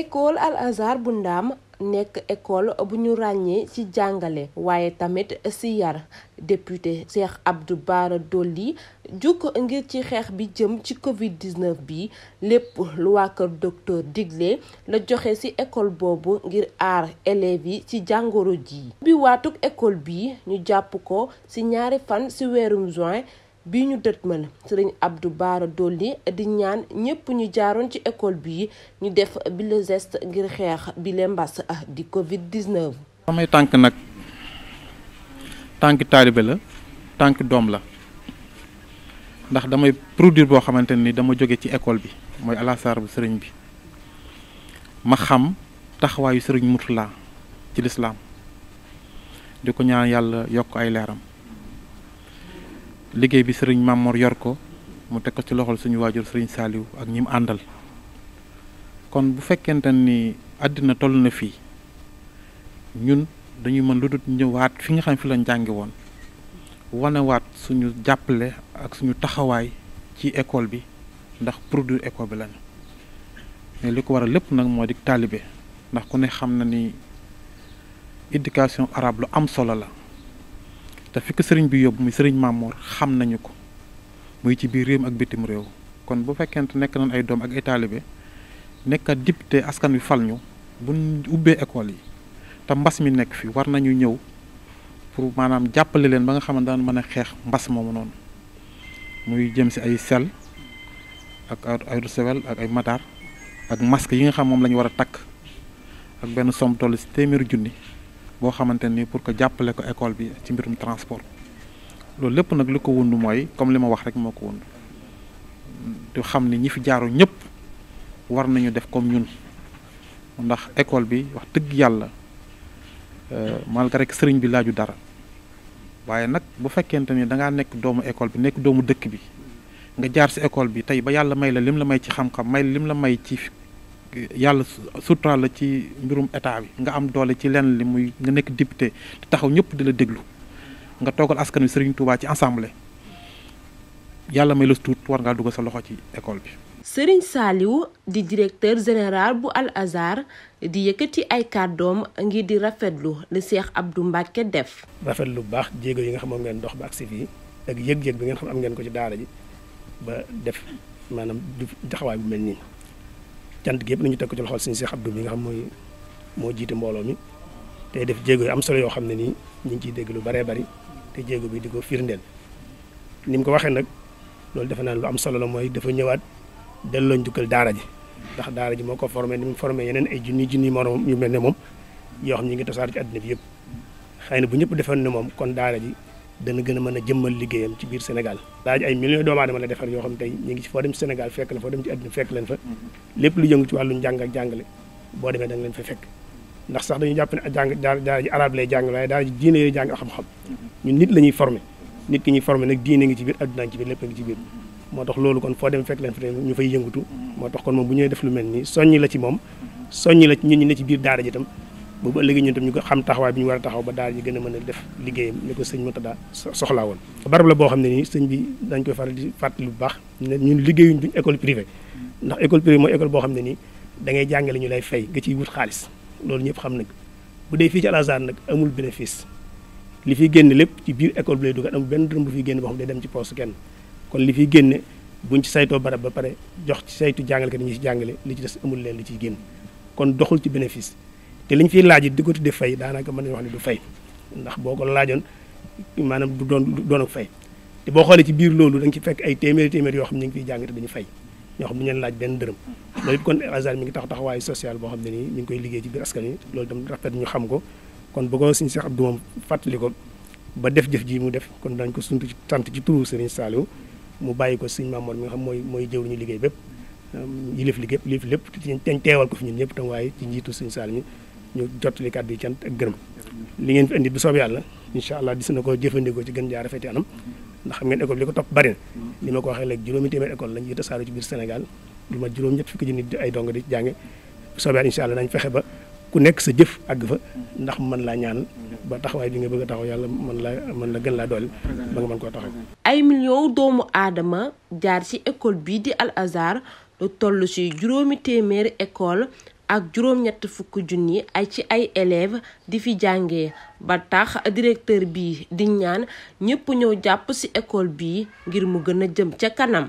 école Al azar bu Ndaam nekk école bu ñu ràññee ci jàngale waaye tamit ci yar député Cheikh Abdou Bara Dolly jukk ngir ci xeex bi jëm ci Covid 19 bi lépp lu waa kër docteur digle la joxe ci école boobu ngir aar élèves yi ci jàngoro ji bi waatuk école bi ñu jàpp ko ci ñaari fan ci weerum juin. bi ñu dëtmal sëriñ ab du Bara Dolly di ñaan ñépp ñu jaaroon ci école bii ñu def bi le ngir xeex bi le mbas ah, di Covid 19. samay tànk nag tànk taalibe la tànk doom la ndax damay produire boo xamante ni dama jóge ci école bi mooy alasaar bu sëriñ bi ma xam taxawaayu sëriñ Murtala ci lislaam di ko ñaan yàlla yokk ay leeram. liggéey bi sëriñ Mamor yor ko mu teg ko ci loxol suñu waajur sëriñ Saliou ak ñi mu àndal kon bu fekkente ni àddina toll na fii ñun dañuy mën lu dul ñëwaat fi nga xam fi lañ jàngi woon wanewaat suñu jàppale ak suñu taxawaay ci école bi ndax produit école bi lañu mais li ko waral lépp nag moo di taalibe ndax ku ne xam na ni éducation arabe lu am solo la. te fi ko sëriñ bi yóbbu muy sëriñ Mamour xam nañu ko muy ci biir réew ak bitim réew kon bu fekkente nekk nañ ay doom ak ay taalibe nekk député askan wi fal ñu bu ubbee école yi te mbas mi nekk fi war nañu ñëw pour maanaam jàppale leen ba nga xam ne daan mën a xeex mbas moom noonu muy jëm si ay sel ak ay ak ay mataar ak masque yi nga xam moom la ñu war a takk ak benn somme toll si téeméeri junni boo xamante ni pour que jàppale ko école bi ci mbirum transport loolu lépp nag li ko wund mooy comme li ma wax rek moo ko wund di xam ni ñi fi jaaru ñëpp war nañu def comme ñun ndax école bi wax dëgg yàlla euh, malgré que sëriñ bi laaju dara waaye nag bu fekkente ni da nekk doomu école bi nekk doomu dëkk bi nga jaar si école bi tey ba yàlla may la lim la may ci xam-xam may lim la may ci yàlla suturaal la ci mbirum état bi nga am doole ci lenn li muy nga nekk député te taxaw ñëpp di la déglu nga toogal askan wi Serigne Touba ci assemblée yàlla may la tuut war ngaa dugal sa loxo ci école bi. Serigne Saliou di directeur général bu Al Azhar di yëkkati ay kàddoom ngir di rafetlu li Cheikh Abdou Mbacke def. rafet lu baax jéego yi nga xam moom ngeen dox ba ak si fii ak yëg-yëg bi ngeen xam am ngeen ko ci daara ji ba def maanaam du bu mel nii. cant gi yëpp nañu teg ko ci loxol suñu Cheikh Abdou bi nga xam mooy moo jiite mbooloo mi tey def jéego am solo yoo xam ne nii ñu ngi ciy dégg lu baree bari te jéego bi di ko firndeel ni mu ko waxee nag loolu defe naa lu am solo la mooy dafa ñëwaat delloo njukkal daara ji ndax daara ji moo ko formé ni mu formé yeneen ay junni junni morom yu mel ne moom yoo xam ñu ngi tosaat ci àddina bi yëpp xëy na bu ñëpp defoon ne moom kon daara ji dana gën a mën a jëmmal liggéeyam ci biir Sénégal laaj ay millions doomu aadama la defar yoo xam tey ñu ngi ci foo dem Sénégal fekk la foo dem ci àddina mm-hmm. lépp lu yëngu ci wàllu njàng ak jàngale boo demee da nga fekk ndax sax dañu jàpp ne jàng daara ji arab lay jàng waaye daara ji diine lay jàng xam mm-hmm. nit la ñuy formé nit ki ñuy formé nag diine ngi ci biir adduna ngi ci lépp ngi ci biir moo tax loolu kon foo dem fekk leen fa ñu fay yëngutu mm-hmm. moo tax kon moom bu ñuy def lu mel nii soññ la ci moom soññi la ci ñun ñi ne ci biir daara ji tam boobu ba léegi ñun tam ñu ko xam taxawaay bi ñu war a taxaw ba daal ñu gën a mën a def liggéeyam ni ko sëñ Mountakha soxlaa woon barab la boo xam ne nii sëñ bi dañ koy faral di fàttali lu baax ne ñun liggéeyuñ duñ école privée ndax école privée mooy école boo xam ne nii dangay ngay jàngale ñu lay fay nga ciy wut xaalis loolu ñëpp xam nañ bu dee fii ci Al Azhar nag amul bénéfice li fiy génne lépp ci biir école bi lay dugal amul benn dërëm bu fiy génne boo xam ne day dem ci kon li fiy génne buñ ci saytoo barab ba pare jox saytu jàngalekat yi ñu ci jàngale li ci des amul leen li ciy génn kon doxul ci bénéfice te liñ fiy laaj di ko di fay daanaka mën nañu wax ne du fay ndax boo ko laajoon maanaam du doon doon ak fay te boo xoolee ci biir loolu da ci fekk ay téeméeri téeméeri yoo xam ne ñu ngi fiy jàng te dañu fay ñoo xam ne ñu leen laaj benn kon ngi tax taxawaayu social boo xam ne nii mi ngi koy liggéey ci biir askan wi loolu itam ñu xam ko kon bu ko Serigne Cheikh Abdou moom fàttali ko ba def jëf ji mu def kon dañ ko sunt ci tant ci turu Serigne saaliw mu bàyyi ko Serigne Mamour mi nga xam mooy mooy jëw ñu liggéey bépp yilif liggéey yilif lépp teñ teewal ko fi ñun ñëpp tam waaye ci njiitu Serigne Saliou ñu jottali kàddu yi cant ak gërëm li ngeen fi indi bu soob yàlla incha allah gis na ko jëfandikoo ci gën jaar rafeti anam ndax xam ngeen école li ko topp bari na li ma ko waxee léegi juróomi téeméer école lañu tasaaroo ci biir Sénégal lu ma juróom ñett fukki junni ay dong di jànge bu soob yàlla incha allah fexe ba ku nekk sa jëf àgg fa ndax mën laa ñaan ba taxawaay bi nga bëgg taxaw yàlla mën la mën la gën laa doole ba nga koo taxaw ay millions doomu aadama jaar ci école bii di Al Azhar toll ci juróomi téeméeri école ak juróom-ñett fukk junni ay ci ay élèves di fi jànge ba tax directeur bii di ñaan ñépp ñëw jàpp ci école bi ngir mu gën a jëm ca kanam